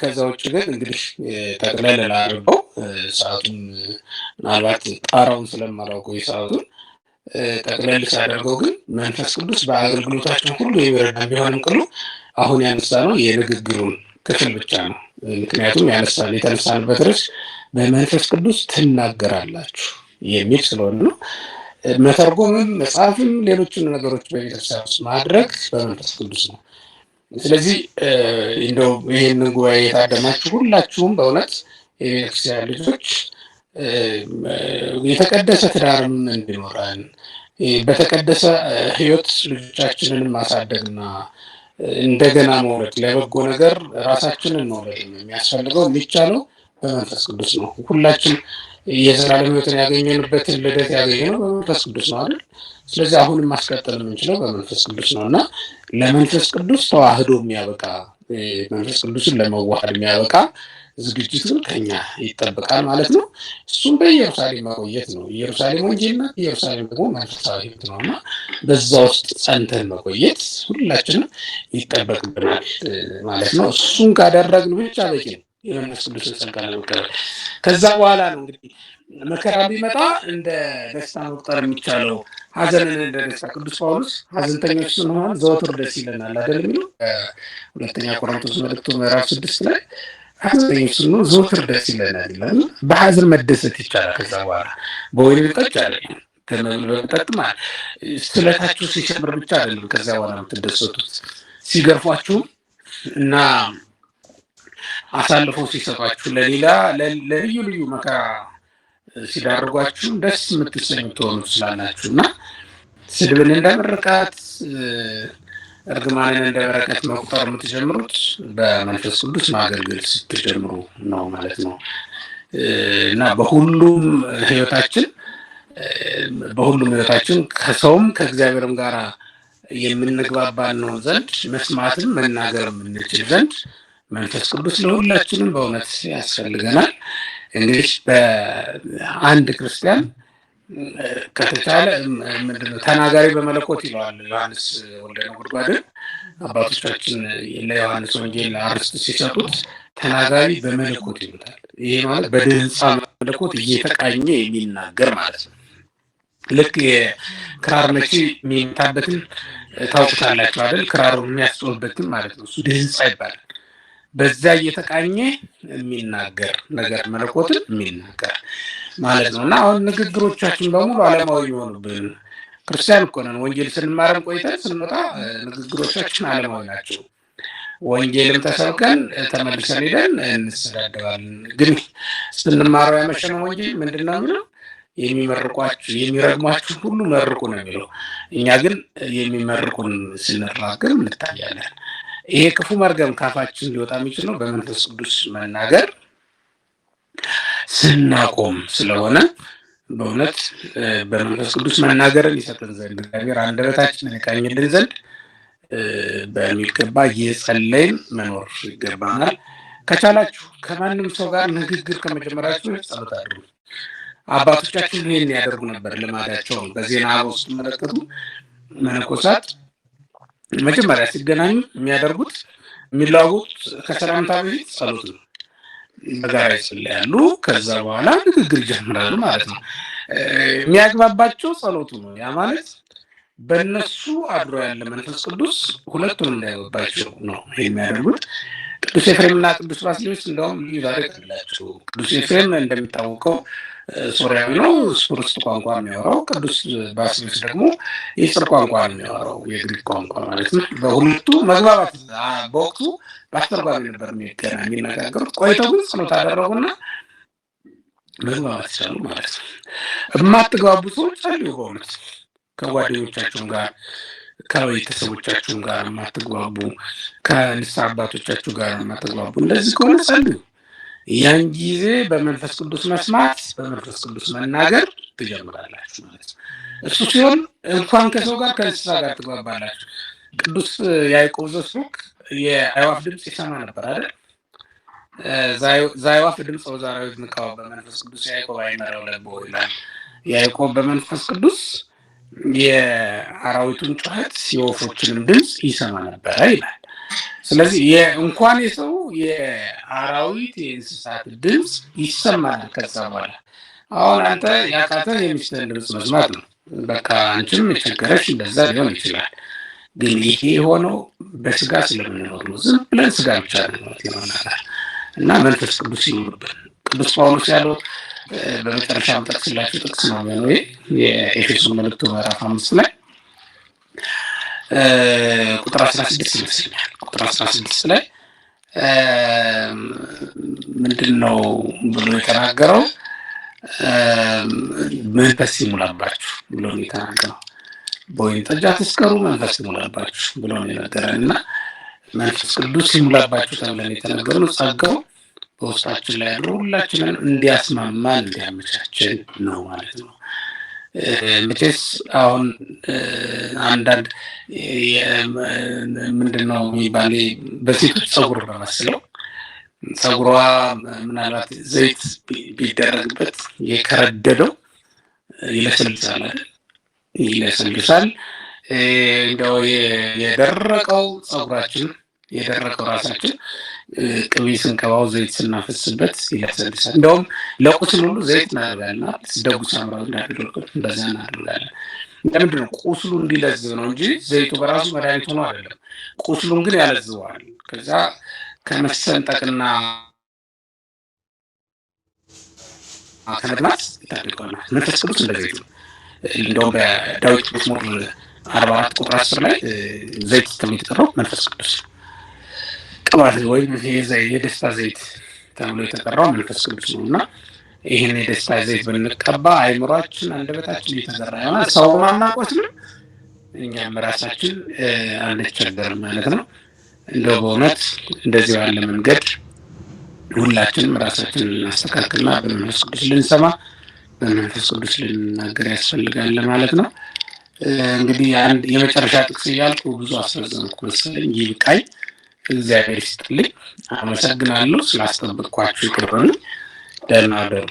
ከዛ ውጭ ግን እንግዲህ ጠቅላይ ላድርገው ሰዓቱን ምናልባት ጣራውን ስለማላውቀው የሰዓቱን ጠቅለል ሳደርገው ግን መንፈስ ቅዱስ በአገልግሎታችን ሁሉ የሚረዳ ቢሆንም ቅሉ አሁን ያነሳ ነው የንግግሩን ክፍል ብቻ ነው። ምክንያቱም ያነሳን የተነሳንበት ርዕስ በመንፈስ ቅዱስ ትናገራላችሁ የሚል ስለሆነ ነው። መተርጎምም መጽሐፍም ሌሎችን ነገሮች በቤተክርስቲያን ውስጥ ማድረግ በመንፈስ ቅዱስ ነው። ስለዚህ እንደው ይህን ጉባኤ የታደማችሁ ሁላችሁም በእውነት የቤተክርስቲያን ልጆች የተቀደሰ ትዳርም እንዲኖረን በተቀደሰ ሕይወት ልጆቻችንን ማሳደግና እንደገና መውለድ ለበጎ ነገር ራሳችንን መውለድ የሚያስፈልገው የሚቻለው በመንፈስ ቅዱስ ነው። ሁላችን የዘላለም ሕይወትን ያገኘንበትን ልደት ያገኘነው በመንፈስ ቅዱስ ነው አይደል? ስለዚህ አሁንም ማስቀጠል የምንችለው በመንፈስ ቅዱስ ነው እና ለመንፈስ ቅዱስ ተዋህዶ የሚያበቃ መንፈስ ቅዱስን ለመዋሃድ የሚያበቃ ዝግጅትም ከኛ ይጠበቃል ማለት ነው። እሱም በኢየሩሳሌም መቆየት ነው። ኢየሩሳሌም ወንጌልና ኢየሩሳሌም ደግሞ መንፈሳዊ ሕይወት ነው እና በዛ ውስጥ ጸንተን መቆየት ሁላችንም ይጠበቅብናል ማለት ነው። እሱን ካደረግን ብቻ በቂ ነው። የመንፈስ ቅዱስን ጸጋ ለመቀበል ከዛ በኋላ ነው እንግዲህ መከራ ቢመጣ እንደ ደስታ መቁጠር የሚቻለው ሀዘንን እንደ ደስታ ቅዱስ ጳውሎስ ሀዘንተኞች ስንሆን ዘወትር ደስ ይለናል አደል የሚለው ሁለተኛ ቆሮንቶስ መልእክቱ ምዕራፍ ስድስት ላይ ሀዘንተኞች ስንሆን ዘወትር ደስ ይለናል ይላል። በሀዘን መደሰት ይቻላል። ከዛ በኋላ በወይን ጠጭ አለ ከመብል በመጠጥ አለ ስለታችሁ ሲጨምር ብቻ አይደለም ከዛ በኋላ የምትደሰቱት ሲገርፏችሁም እና አሳልፎ ሲሰጧችሁ ለሌላ ለልዩ ልዩ መከራ ሲዳርጓችሁ ደስ የምትሰኙ ትሆኑ ስላላችሁ እና ስድብን እንደ ምርቃት፣ እርግማንን እንደ በረከት መቁጠር የምትጀምሩት በመንፈስ ቅዱስ ማገልገል ስትጀምሩ ነው ማለት ነው እና በሁሉም ህይወታችን በሁሉም ህይወታችን ከሰውም ከእግዚአብሔርም ጋር የምንግባባ ነው ዘንድ መስማትም መናገር የምንችል ዘንድ መንፈስ ቅዱስ ለሁላችንም በእውነት ያስፈልገናል። እንግዲህ በአንድ ክርስቲያን ከተቻለ ተናጋሪ በመለኮት ይለዋል ዮሐንስ ወልደ ነጎድጓድን አባቶቻችን ለዮሐንስ ወንጌል አርስት ሲሰጡት ተናጋሪ በመለኮት ይሉታል። ይሄ ማለት በድህንፃ መለኮት እየተቃኘ የሚናገር ማለት ነው። ልክ የክራር መቺ የሚመታበትን ታውቁታላችሁ አይደል? ክራሩ የሚያስጮህበትን ማለት ነው። እሱ ድህንፃ ይባላል። በዛ እየተቃኘ የሚናገር ነገር መለኮትን የሚናገር ማለት ነው እና አሁን ንግግሮቻችን በሙሉ አለማዊ የሆኑብን ክርስቲያን እኮ ነን። ወንጌል ስንማረን ቆይተን ስንወጣ ንግግሮቻችን አለማዊ ናቸው። ወንጌልም ተሰብከን ተመልሰን ሄደን እንሰዳደባለን። ግን ስንማረው ያመሸነው ወንጌል ምንድን ነው የሚለው? የሚመርቋችሁ የሚረግሟችሁ ሁሉ መርቁ ነው የሚለው። እኛ ግን የሚመርቁን ስንራገም እንታያለን። ይሄ ክፉ መርገም ካፋችን ሊወጣ የሚችለው በመንፈስ ቅዱስ መናገር ስናቆም ስለሆነ በእውነት በመንፈስ ቅዱስ መናገርን ይሰጠን ዘንድ እግዚአብሔር አንደበታችንን ይቃኝልን ዘንድ በሚገባ እየጸለይን መኖር ይገባናል። ከቻላችሁ ከማንም ሰው ጋር ንግግር ከመጀመራችሁ ጸሎት አድሩ። አባቶቻችን ይህን ያደርጉ ነበር፣ ልማዳቸውን በዜና ውስጥ መለከቱ መነኮሳት መጀመሪያ ሲገናኙ የሚያደርጉት የሚለዋወጡት ከሰላምታ በፊት ጸሎት ነው። በጋራ ይጸልያሉ። ከዛ በኋላ ንግግር ይጀምራሉ ማለት ነው። የሚያግባባቸው ጸሎቱ ነው። ያ ማለት በእነሱ አድሮ ያለ መንፈስ ቅዱስ ሁለቱን እንዳይወባቸው ነው የሚያደርጉት። ቅዱስ ኤፍሬምና ቅዱስ ባስሌዎስ እንደውም ልዩ አላቸው። ቅዱስ ኤፍሬም እንደሚታወቀው ሶሪያዊ ነው፣ እሱ ቋንቋ የሚያወራው። ቅዱስ ባስልዮስ ደግሞ የጽር ቋንቋ የሚያወራው የግሪክ ቋንቋ ማለት ነው። በሁለቱ መግባባት በወቅቱ በአስተርጓሚ ነበር የሚገና የሚነጋገሩት። ቆይተው ግን ጽኖት አደረጉና መግባባት ይቻሉ ማለት ነው። የማትግባቡ ሰዎች አሉ። በእውነት ከጓደኞቻችሁም ጋር ከቤተሰቦቻችሁም ጋር የማትግባቡ ከንስሐ አባቶቻችሁ ጋር የማትግባቡ እንደዚህ ከሆነ ጸልዩ። ያን ጊዜ በመንፈስ ቅዱስ መስማት በመንፈስ ቅዱስ መናገር ትጀምራላችሁ ማለት ነው። እሱ ሲሆን እንኳን ከሰው ጋር ከእንስሳ ጋር ትግባባላችሁ። ቅዱስ ያዕቆብ ዘስሩግ የአዕዋፍ ድምፅ ይሰማ ነበር አይደል? ዛይዋፍ ድምፅ ወዛራዊ ንቃ በመንፈስ ቅዱስ ያዕቆብ አይመራው ለቦ ይላል። ያዕቆብ በመንፈስ ቅዱስ የአራዊቱን ጩኸት የወፎችንም ድምፅ ይሰማ ነበረ ይላል። ስለዚህ እንኳን የሰው የአራዊት የእንስሳት ድምፅ ይሰማል። ከዛ በኋላ አሁን አንተ ያቃተህ የሚስትህን ድምፅ መስማት ነው። በቃ አንቺም የቸገረች እንደዛ ሊሆን ይችላል። ግን ይሄ የሆነው በስጋ ስለምንኖር ነው። ዝም ብለን ስጋ ብቻ ልንሞት ይሆናል እና መንፈስ ቅዱስ ይኖርብን። ቅዱስ ጳውሎስ ያለው በመጨረሻ መጠቅስላችሁ ጥቅስ ነው ወይ የኤፌሶን መልእክቱ ምዕራፍ አምስት ላይ ቁጥር 16 ይመስለኛል። ቁጥር 16 ላይ ምንድን ነው ብሎ የተናገረው? መንፈስ ይሙላባችሁ ብሎ ነው የተናገረው። በወይን ጠጅ አትስከሩ፣ መንፈስ ይሙላባችሁ ብሎ ነው የነገረን እና መንፈስ ቅዱስ ይሙላባችሁ ተብለን የተነገረው ጸጋው በውስጣችን ላይ ያለው ሁላችንን እንዲያስማማን እንዲያመቻችን ነው ማለት ነው። መቼስ አሁን አንዳንድ ምንድን ነው የሚባል በሴቶች ፀጉር በመስለው ፀጉሯ ምናልባት ዘይት ቢደረግበት የከረደደው ይለሰልሳል ይለሰልሳል። እንደው የደረቀው ፀጉራችን የደረቀው ራሳችን ቅቤ ስንቀባው ዘይት ስናፈስበት ያሰልሳል። እንደውም ለቁስል ሁሉ ዘይት እናደርጋልና ደጉ ሳምራ እንዳደረገው እንደዛ እናደርጋለን። ለምንድን ነው ቁስሉ እንዲለዝብ ነው እንጂ ዘይቱ በራሱ መድኃኒት ሆኖ አይደለም። ቁስሉን ግን ያለዝበዋል። ከዛ ከመሰንጠቅና ከመድማት ይታደገናል። መንፈስ ቅዱስ እንደዘይት ነው። እንደውም በዳዊት መዝሙር አርባ አራት ቁጥር አስር ላይ ዘይት ተብሎ የተጠራው መንፈስ ቅዱስ ነው። ቅባት ወይም የደስታ ዘይት ተብሎ የተጠራው መንፈስ ቅዱስ ነው እና ይህን የደስታ ዘይት ብንቀባ አይምሯችን፣ አንደበታችን የተዘራ ይሆናል። ሰው ማናቆት ነው፣ እኛም ራሳችን አንቸገርም ማለት ነው። እንደው በእውነት እንደዚህ ባለ መንገድ ሁላችንም ራሳችን ልናስተካክልና በመንፈስ ቅዱስ ልንሰማ በመንፈስ ቅዱስ ልንናገር ያስፈልጋል ማለት ነው። እንግዲህ የመጨረሻ ጥቅስ እያልኩ ብዙ አስረዘምኩ መሰለኝ ይብቃኝ። እግዚአብሔር ይስጥልኝ። አመሰግናለሁ ስላስጠበቅኳችሁ። ይቅርበሉ። ደህና አደሩ።